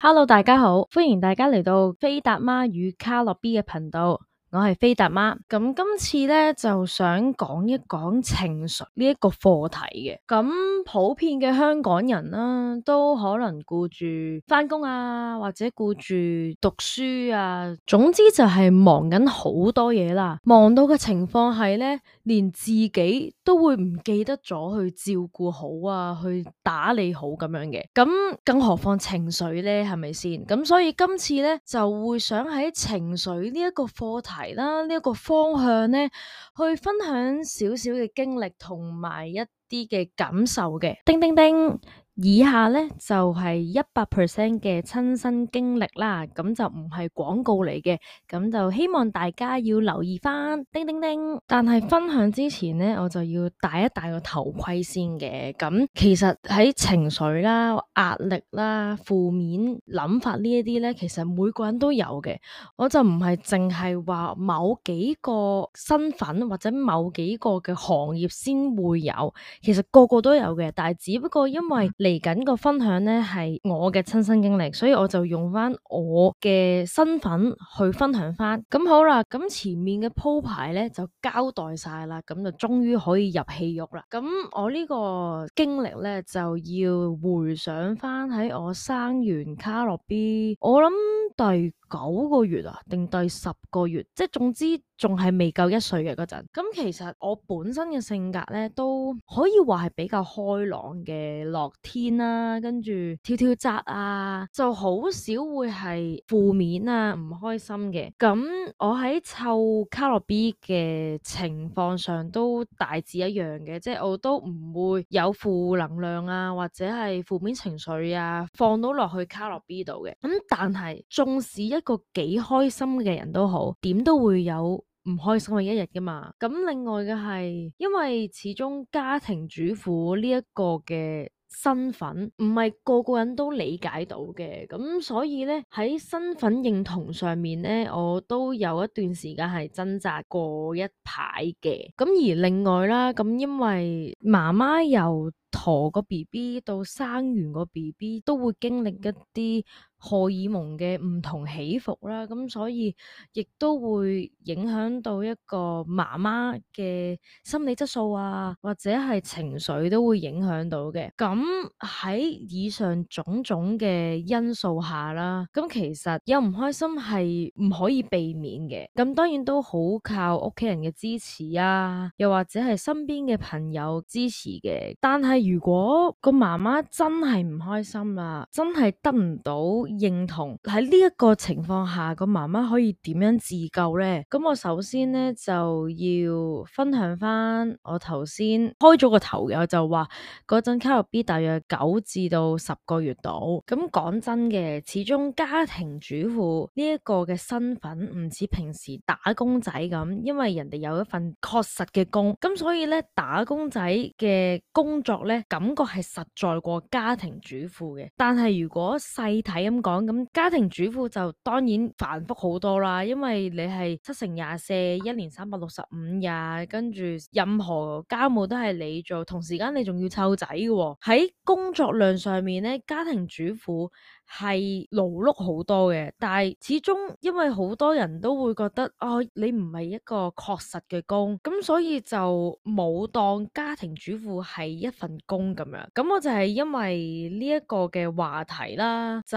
Hello，大家好，歡迎大家嚟到飛達媽與卡洛比嘅頻道。我係飛達媽，咁今次咧就想講一講情緒呢一個課題嘅，咁普遍嘅香港人啦、啊，都可能顧住返工啊，或者顧住讀書啊，總之就係忙緊好多嘢啦，忙到嘅情況係咧，連自己都會唔記得咗去照顧好啊，去打理好咁樣嘅，咁更何況情緒咧，係咪先？咁所以今次咧就會想喺情緒呢一個課題。係啦，呢一個方向咧，去分享少少嘅經歷同埋一啲嘅感受嘅。叮叮叮。以下咧，就係一百 percent 嘅親身經歷啦，咁就唔係廣告嚟嘅，咁就希望大家要留意翻。叮叮叮。但係分享之前咧，我就要戴一戴個頭盔先嘅。咁其實喺情緒啦、壓力啦、負面諗法呢一啲咧，其實每個人都有嘅。我就唔係淨係話某幾個身份或者某幾個嘅行業先會有，其實個個都有嘅。但係只不過因為嚟緊個分享呢係我嘅親身經歷，所以我就用翻我嘅身份去分享翻。咁好啦，咁前面嘅鋪排呢就交代晒啦，咁就終於可以入戲肉啦。咁我呢個經歷呢就要回想翻喺我生完卡洛 B，我諗第九個月啊，定第十個月，即係總之仲係未夠一歲嘅嗰陣。咁其實我本身嘅性格呢，都可以話係比較開朗嘅、樂天啦、啊，跟住跳跳紮啊，就好少會係負面啊、唔開心嘅。咁我喺湊卡樂 B 嘅情況上都大致一樣嘅，即係我都唔會有負能量啊，或者係負面情緒啊放到落去卡樂 B 度嘅。咁但係縱使一一個幾開心嘅人都好，點都會有唔開心嘅一日噶嘛。咁另外嘅係，因為始終家庭主婦呢一個嘅身份，唔係個個人都理解到嘅。咁所以呢，喺身份認同上面呢，我都有一段時間係掙扎過一排嘅。咁而另外啦，咁因為媽媽由陀個 B B 到生完個 B B，都會經歷一啲。荷爾蒙嘅唔同起伏啦，咁所以亦都會影響到一個媽媽嘅心理質素啊，或者係情緒都會影響到嘅。咁喺以上種種嘅因素下啦，咁其實有唔開心係唔可以避免嘅。咁當然都好靠屋企人嘅支持啊，又或者係身邊嘅朋友支持嘅。但係如果個媽媽真係唔開心啦，啊，真係得唔到。認同，喺呢一個情況下，個媽媽可以點樣自救呢？咁我首先呢，就要分享翻，我頭先開咗個頭嘅，就話嗰陣卡路 B 大約九至到十個月度。咁講真嘅，始終家庭主婦呢一個嘅身份唔似平時打工仔咁，因為人哋有一份確實嘅工，咁所以呢，打工仔嘅工作呢，感覺係實在過家庭主婦嘅。但係如果細睇咁。講咁家庭主婦就當然繁複好多啦，因為你係七乘廿四，一年三百六十五日，跟住任何家務都係你做，同時間你仲要湊仔嘅喎。喺工作量上面咧，家庭主婦係勞碌好多嘅，但係始終因為好多人都會覺得哦，你唔係一個確實嘅工，咁所以就冇當家庭主婦係一份工咁樣。咁我就係因為呢一個嘅話題啦，就。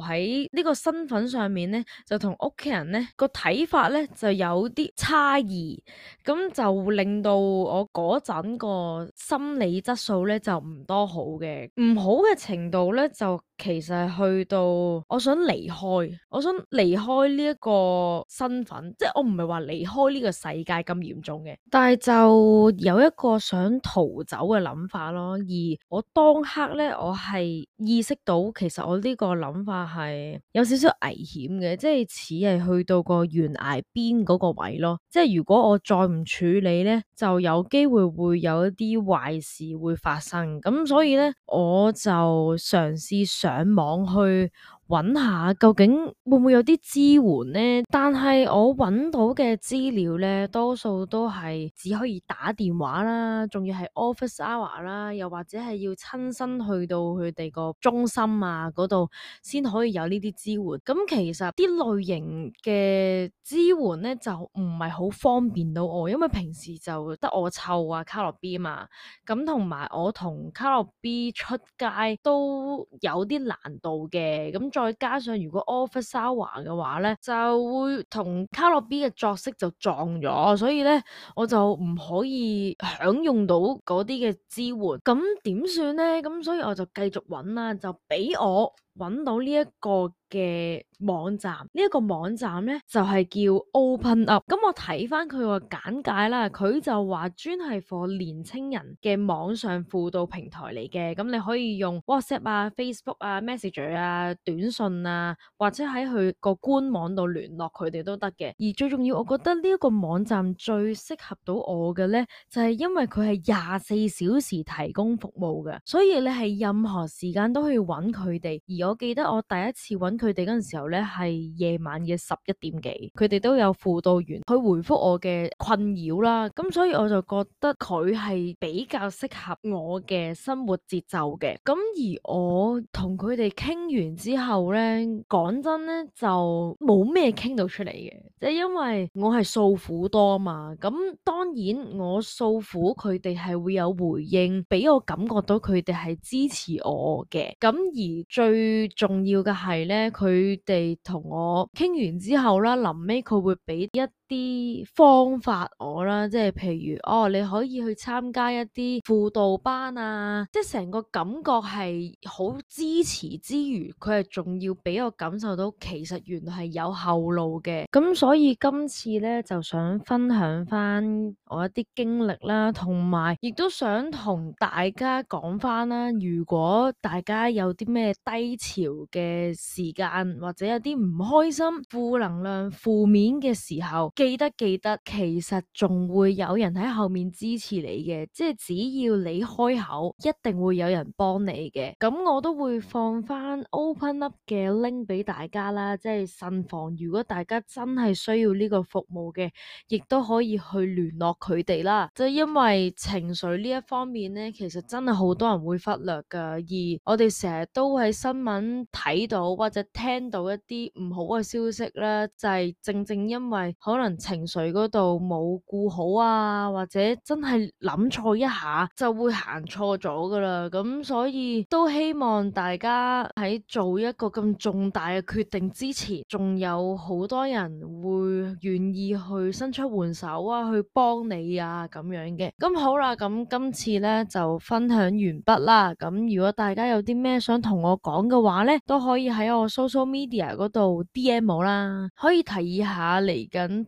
喺呢個身份上面咧，就同屋企人咧，個睇法咧就有啲差異，咁就令到我嗰陣個心理質素咧就唔多好嘅，唔好嘅程度咧就。其實去到我想離開，我想離開呢一個身份，即係我唔係話離開呢個世界咁嚴重嘅，但係就有一個想逃走嘅諗法咯。而我當刻呢，我係意識到其實我呢個諗法係有少少危險嘅，即係似係去到個懸崖邊嗰個位咯。即係如果我再唔處理呢，就有機會會有一啲壞事會發生。咁所以呢，我就嘗試上網去。揾下究竟會唔會有啲支援呢？但係我揾到嘅資料呢，多數都係只可以打電話啦，仲要係 office hour 啦，又或者係要親身去到佢哋個中心啊嗰度先可以有呢啲支援。咁其實啲類型嘅支援呢，就唔係好方便到我，因為平時就得我湊啊卡洛 B 嘛。咁同埋我同卡洛 B 出街都有啲難度嘅。咁再加上如果 offer s 的話咧，就會同卡洛比嘅作息就撞咗，所以咧我就唔可以享用到嗰啲嘅支援。咁點算咧？咁所以我就繼續揾啦，就俾我。揾到呢一個嘅網站，呢一個網站呢就係叫 Open Up。咁我睇翻佢個簡介啦，佢就話專係 for 年青人嘅網上輔導平台嚟嘅。咁你可以用 WhatsApp 啊、Facebook 啊、Messenger 啊、短信啊，或者喺佢個官網度聯絡佢哋都得嘅。而最重要，我覺得呢一個網站最適合到我嘅呢，就係因為佢係廿四小時提供服務嘅，所以你係任何時間都可以揾佢哋我記得我第一次揾佢哋嗰陣時候呢係夜晚嘅十一點幾，佢哋都有輔導員去回覆我嘅困擾啦。咁所以我就覺得佢係比較適合我嘅生活節奏嘅。咁而我同佢哋傾完之後呢，講真呢就冇咩傾到出嚟嘅，即係因為我係訴苦多嘛。咁當然我訴苦佢哋係會有回應，俾我感覺到佢哋係支持我嘅。咁而最最重要嘅係咧，佢哋同我傾完之後啦，臨尾佢會俾一啲方法我啦，即係譬如哦，你可以去參加一啲輔導班啊，即係成個感覺係好支持之餘，佢係仲要俾我感受到其實原來係有後路嘅。咁所以今次呢就想分享翻我一啲經歷啦，同埋亦都想同大家講翻啦。如果大家有啲咩低潮嘅時間，或者有啲唔開心、負能量、負面嘅時候，記得記得，其實仲會有人喺後面支持你嘅，即係只要你開口，一定會有人幫你嘅。咁我都會放翻 Open Up 嘅 link 俾大家啦，即係慎防。如果大家真係需要呢個服務嘅，亦都可以去聯絡佢哋啦。就係因為情緒呢一方面呢，其實真係好多人會忽略噶，而我哋成日都喺新聞睇到或者聽到一啲唔好嘅消息啦，就係正正因為可能。情緒嗰度冇顧好啊，或者真係諗錯一下就會行錯咗噶啦。咁所以都希望大家喺做一個咁重大嘅決定之前，仲有好多人會願意去伸出援手啊，去幫你啊咁樣嘅。咁好啦，咁今次呢就分享完畢啦。咁如果大家有啲咩想同我講嘅話呢，都可以喺我 social media 嗰度 DM 我啦，可以提議下嚟緊。